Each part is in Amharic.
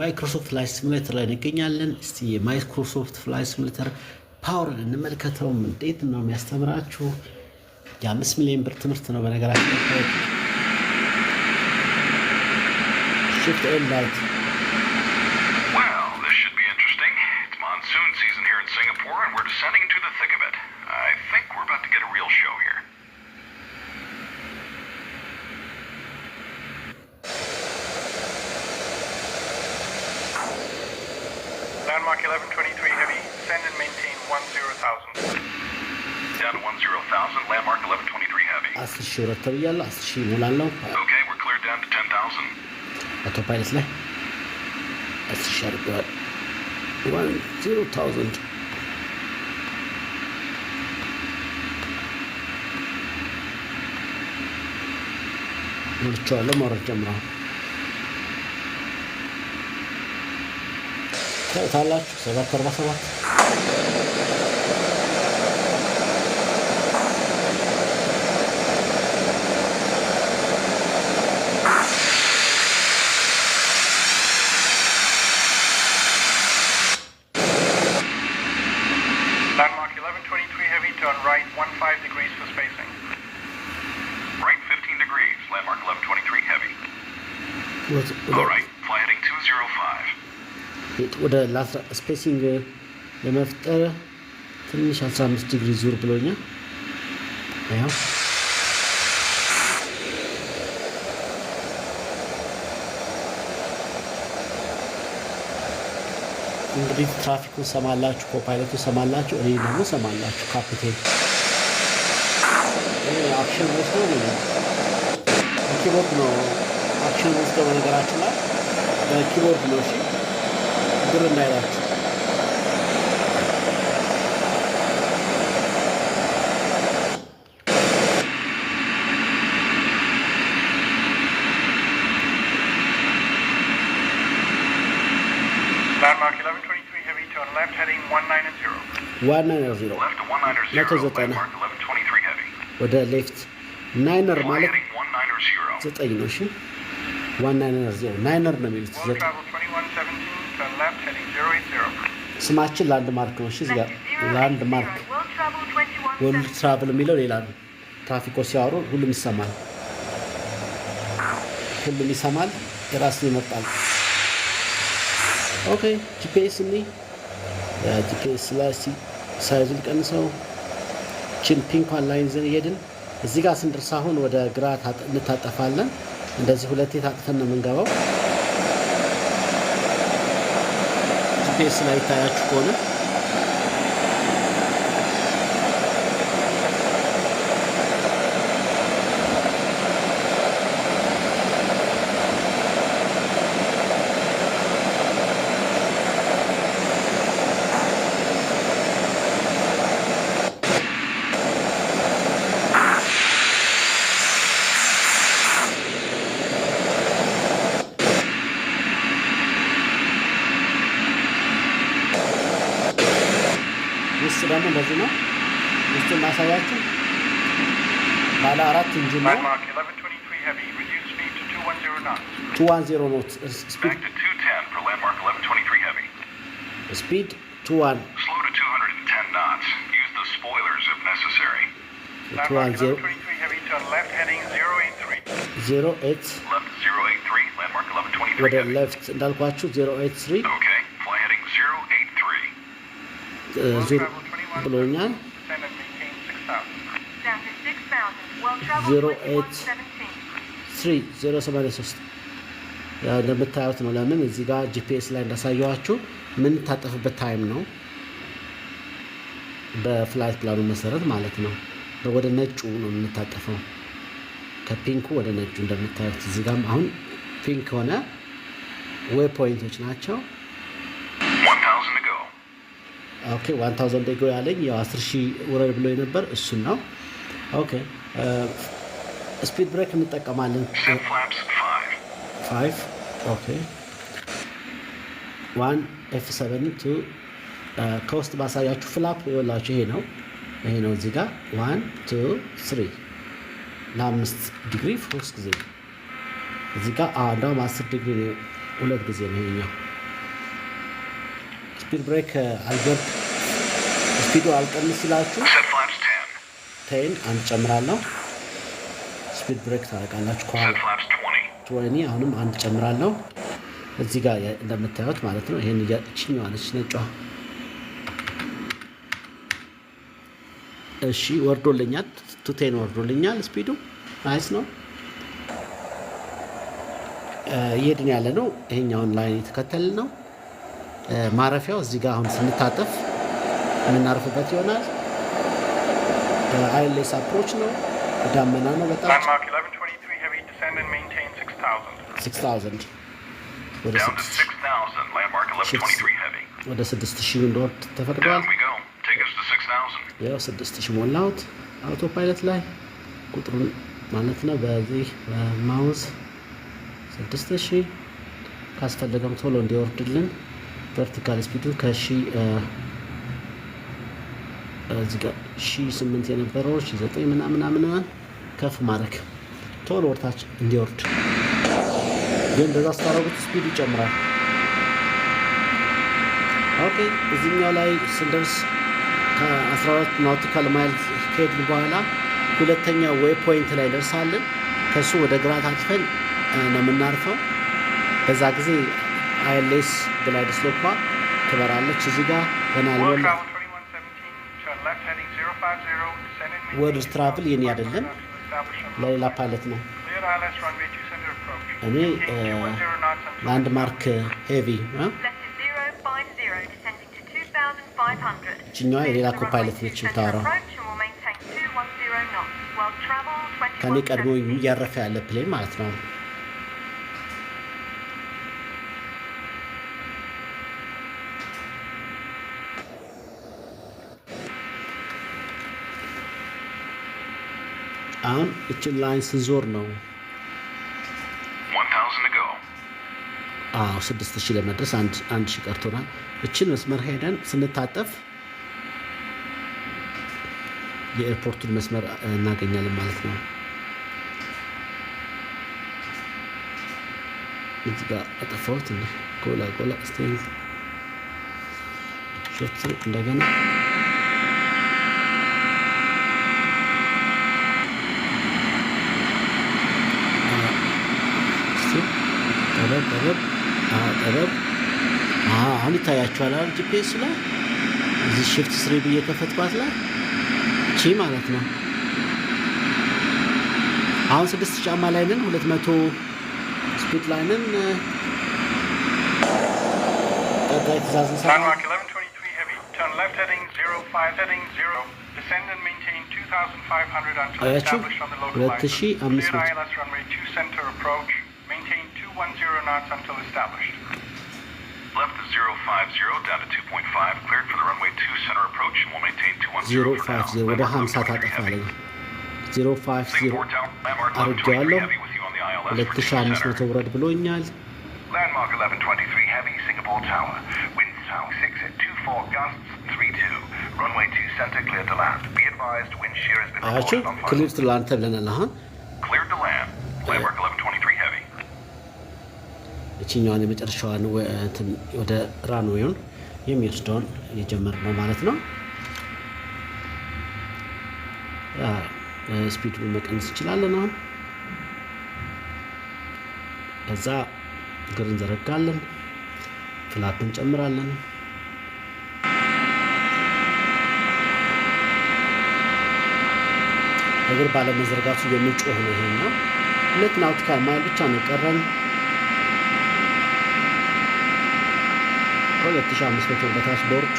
ማይክሮሶፍት ፍላይ ሲሙሌተር ላይ እንገኛለን። እስቲ የማይክሮሶፍት ፍላይ ሲሙሌተር ፓወርን እንመልከተው። እንዴት ነው የሚያስተምራችሁ? የአምስት ሚሊዮን ብር ትምህርት ነው በነገራችን ሽፍት ኤን ላይት Mike 1123 Heavy, send and maintain 10,000. Down to 10,000, landmark 1123 Heavy. 10,000 ረከብያለሁ፣ 10,000 እሞላለሁ። Okay, we're cleared down to 10,000. አቶ ፓይለት ላይ 10,000 አድርገዋል። 10,000 ሞልቼዋለሁ። ማውራት ጀምረዋል። ታላችሁ ሰባት አርባ ሰባት ወደ ስፔሲንግ ለመፍጠር ትንሽ 15 ዲግሪ ዙር ብሎኛል። ያው እንግዲህ ትራፊኩን ሰማላችሁ፣ ኮፓይለቱ ሰማላችሁ፣ እኔ ደግሞ ሰማላችሁ። ካፕቴን አክሽን ወስዶ ኪቦርድ ነው። አክሽን ወስዶ በነገራችሁ ላይ ኪቦርድ ነው። እሺ 1123 ችግር እንዳይላችሁ። ዋና ዜሮ 190. 190. ወደ 190. ናይነር 190. ዘጠኝ ነው። እሺ ዋና ናይነር ዜሮ ናይነር ነው የሚሉት ዘጠኝ ስማችን ላንድ ማርክ ነው። እሺ ላንድ ማርክ ወልድ ትራቭል የሚለው ሌላ ነው። ትራፊኮች ሲያወሩ ሁሉም ይሰማል፣ ሁሉም ይሰማል፣ የራስን ይመጣል። ኦኬ ጂፒኤስ እኒ ጂፒኤስ ላይ ሳይዙን ቀንሰው ችን ፒንኳን ላይን ዘን እየድን እዚህ ጋር ስንደርስ አሁን ወደ ግራ እንታጠፋለን። እንደዚህ ሁለቴ ታጥፈን ነው የምንገባው። sitesine ait ayak 210 knots. speed. Back to 210 for landmark 1123 heavy. Speed 21. Slow to 210 knots. Use the spoilers if necessary. 210. left heading 083. 083. Left 083, landmark 1123 ወደ left እንዳልኳችሁ 083 Okay, fly heading 083. ብሎኛል 083 083 ለምታዩት ነው። ለምን እዚህ ጋር ጂፒኤስ ላይ እንዳሳየዋችሁ ምን ታጠፍበት ታይም ነው በፍላይት ፕላኑ መሰረት ማለት ነው። ወደ ነጩ ነው የምንታጠፈው፣ ከፒንኩ ወደ ነጩ እንደምታዩት እዚህ ጋም አሁን ፒንክ የሆነ ዌይ ፖይንቶች ናቸው። ኦኬ ዋን ታውዘንድ ጎ ያለኝ ያው አስር ሺህ ውረድ ብሎ የነበር እሱን ነው። ኦኬ ስፒድ ብሬክ እንጠቀማለን ፋይቭ ዋን ኤፍ ሰቨን ቱ ከውስጥ ባሳያችሁ ፍላፕ ይወላችሁ ይሄ ነው ይሄ ነው እዚህ ጋር ዋን ቱ ስሪ ለአምስት ዲግሪ ሶስት ጊዜ እዚህ ጋር እንደውም አስር ዲግሪ ሁለት ጊዜ ነው ይሄኛው ስፒድ ብሬክ አልገብ ስፒዱ አልቀንስ ሲላችሁ ቴን አንድ ጨምራለሁ ስፒድ ብሬክ ታደርጋላችሁ ከኋላ ወይኒ አሁንም አንድ ጨምራለሁ እዚህ ጋር እንደምታዩት ማለት ነው። ይሄን እያችኝ ዋለች ነጯ። እሺ ወርዶልኛል፣ ቱቴን ወርዶልኛል። ስፒዱ አይስ ነው፣ እየድን ያለ ነው። ይሄኛውን ላይን የተከተል ነው። ማረፊያው እዚህ ጋር አሁን ስንታጠፍ የምናርፍበት ይሆናል። አይሌስ አፕሮች ነው፣ ዳመና ነው በጣም 6,000 6,000 ወደ 6,000 ወደ 6,000 እንደወርድ ተፈቅዷል። ያው 6,000 ሞላሁት አውቶ ፓይለት ላይ ቁጥሩን ማለት ነው። በዚህ በማውዝ 6,000 ካስፈለገም ቶሎ እንዲወርድልን ቨርቲካል ስፒዱን ከሺ ሺ ስምንት የነበረው ሺ ዘጠኝ ምናምን ከፍ ማድረግ ቶሎ ወርታች እንዲወርድ ግን እንደዛ ስታረጉት ስፒድ ይጨምራል። ኦኬ እዚኛው ላይ ስንደርስ ከ14 ናውቲካል ማይልስ ከሄድን በኋላ ሁለተኛ ዌይ ፖይንት ላይ ደርሳለን። ከሱ ወደ ግራ ታጥፈን ነው የምናርፈው። በዛ ጊዜ አይኤልኤስ ግላይድ ስሎፓ ትበራለች። እዚህ ጋር በናልመል ወርድ ትራቭል የኔ አይደለም፣ ለሌላ ፓይለት ነው። እኔ ላንድማርክ ሄቪ እችኛዋ የሌላ ኮፓይለት ነች የምታወራው። ከኔ ቀድሞ እያረፈ ያለ ፕሌን ማለት ነው። አሁን እችን ላይን ስንዞር ነው ስድስት ሺህ ለመድረስ አንድ ሺህ ቀርቶናል። እችን መስመር ሄደን ስንታጠፍ የኤርፖርቱን መስመር እናገኛለን ማለት ነው። እዚህ ጋር አጠፋሁት። ጎላ ጎላ እንደገና ጥበብ አሁን ይታያችኋል። አሁን ጂፒኤስ ላይ እዚህ ሽፍት ስሪ ብዬ ከፈትኳት ላይ ቺ ማለት ነው። አሁን ስድስት ጫማ ላይ ነን። ሁለት መቶ ስፒድ ላይ ነን። ቀጣይ ትእዛዝ እንሰራ አያችሁ ሁለት ሺህ አምስት መቶ Left 050 down to 2.5, cleared for the runway 2 center approach and will maintain 210 for now. 050 ወደ 50 ታጠፋለኝ። 050 አርጌዋለሁ። 2500 ውረድ ብሎኛል። Landmark 1123 heavy Singapore Tower. Wind south 6 at 24 gusts 32. Runway 2 center cleared to land. Be advised wind shear has been reported Cleared to land አሁን Cleared to land. Landmark 1123 እችኛዋን የመጨረሻዋን ወደ ራንዌውን የሚወስደውን የጀመር ነው ማለት ነው። ስፒድ መቀነስ እንችላለን። አሁን ከዛ እግር እንዘረጋለን፣ ፍላፕ እንጨምራለን። እግር ባለመዘርጋቱ የሚጮህ ነው። ይሄ ነው። ሁለት ናውቲካል ማይል ብቻ ነው ቀረን። ከ2500 በታች ቦርድ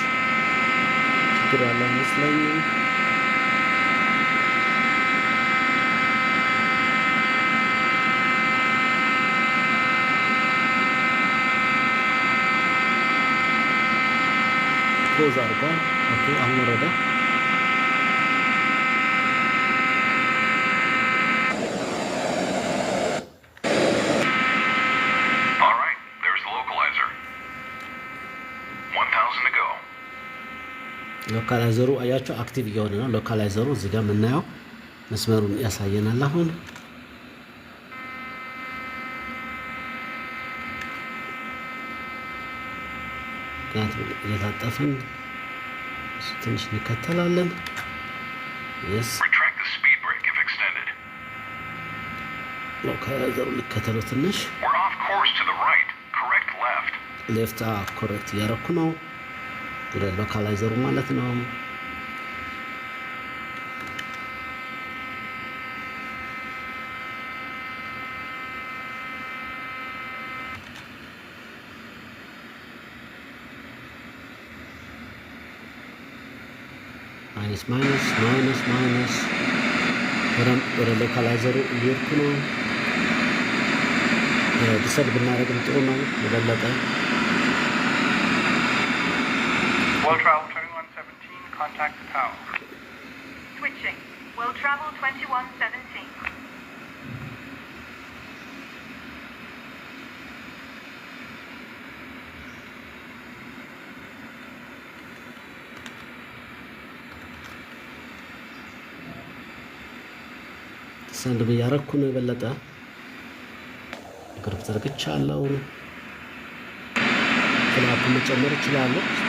ችግር ያለ አይመስለኝ። ፖዝ አድርጓል። አሁን ወረደ። ሎካላይዘሩ አያቸው አክቲቭ እየሆነ ነው። ሎካላይዘሩ እዚህ ጋር የምናየው መስመሩን ያሳየናል። አሁን እየታጠፍን ትንሽ እንከተላለን። ሎካላይዘሩ ልከተሉ ትንሽ ሌፍት ኮሬክት እያረኩ ነው። ወደ ሎካላይዘሩ ማለት ነው። ማይነስ ማይነስ ማይነስ ማይነስ ወደ ሎካላይዘሩ እየሄድኩ ነው። ዲሰድ ብናደርግም ጥሩ ነው የበለጠ World Travel 2117, contact the tower. Switching. World Travel 2117. ሰንድ ብያረኩ ነው የበለጠ ግሩፕ ዘርግቻለሁ። ክላፕ መጨመር እችላለሁ።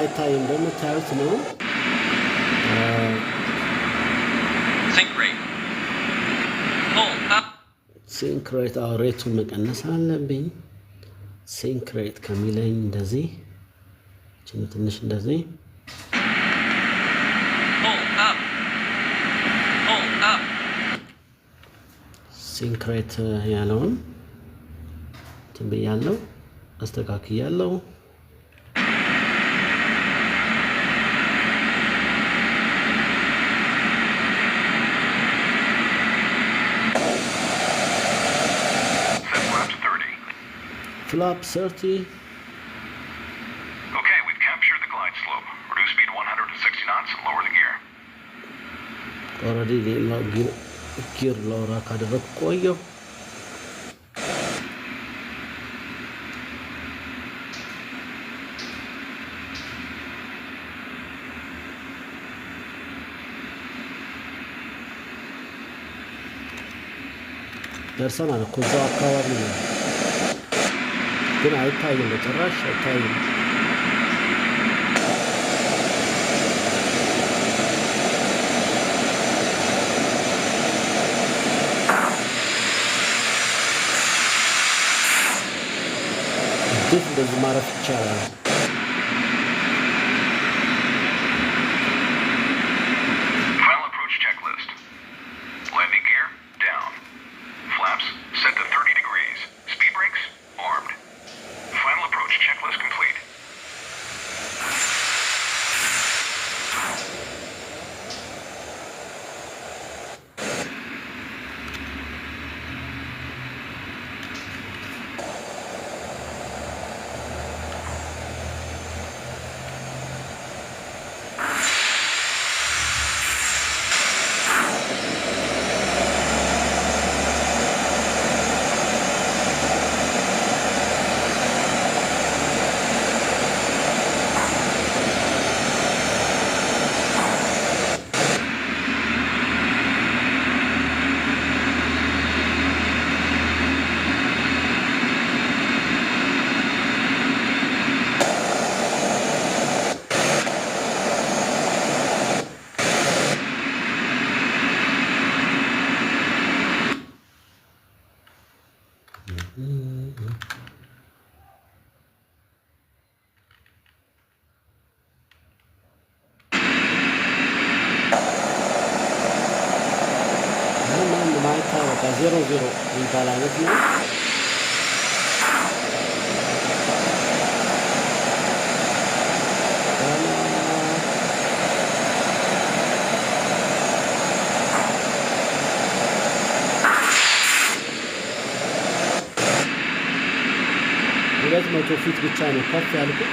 አይታይም እንደምታዩት ነው። ሲንክሬት አዎ ሬቱን መቀነስ አለብኝ። ሲንክሬት ከሚለኝ እንደዚህ ችን ትንሽ እንደዚህ ሲንክሬት ያለውን ትንብያለው አስተካክያለው። Flap 30. Okay, we've captured the glide slope. Reduce speed 100 to 60 knots and lower the gear. Already the gear, gear lower ካደረኩ There's እኮ እዛው አካባቢ ነው። ግን አይታይም፣ በጭራሽ አይታይም። እንዴት እንደዚህ ማረፍ ይቻላል? ሁለት መቶ ፊት ብቻ ነው ከፍ ያልኩት።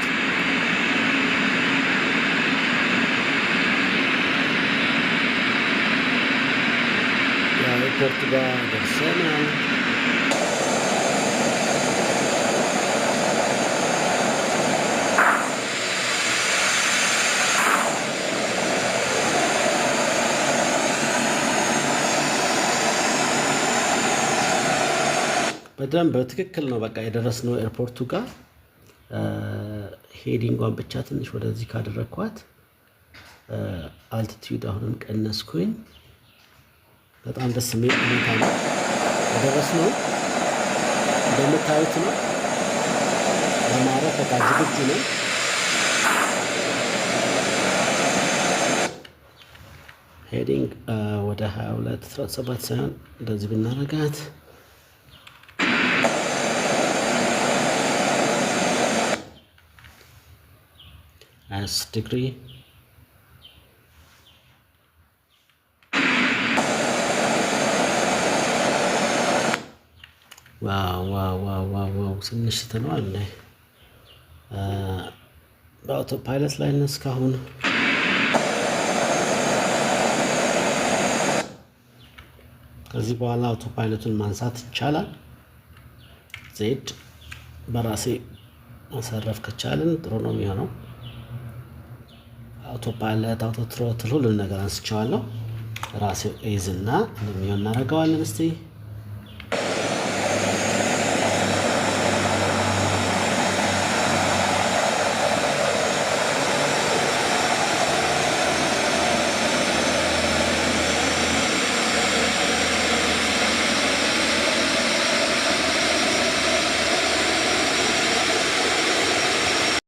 ኤርፖርት ጋር ደርሰናል። በደንብ በትክክል ነው። በቃ የደረስነው ኤርፖርቱ ጋር ሄዲንጓን ብቻ ትንሽ ወደዚህ ካደረግኳት አልቲቲዩድ አሁንም ቀነስኩኝ። በጣም ደስ የሚል ሁኔታ ነው የደረስነው። እንደምታዩት ነው ለማረፍ በቃ ዝግጁ ነው። ሄዲንግ ወደ 22 17 ሳይሆን እንደዚህ ብናረጋት 26 ዲግሪ ዋው ትንሽ ትለዋል ላይ በአውቶ ፓይለት ላይ ነን እስካሁን። ከዚህ በኋላ አውቶ ፓይለቱን ማንሳት ይቻላል። ዜድ በራሴ ማሳረፍ ከቻልን ጥሩ ነው የሚሆነው። አውቶ ፓይለት አውቶ ትሮትል ሁሉን ነገር አንስቸዋለሁ። ራሴ ኤዝና እንደሚሆን እናደርገዋለን እስቲ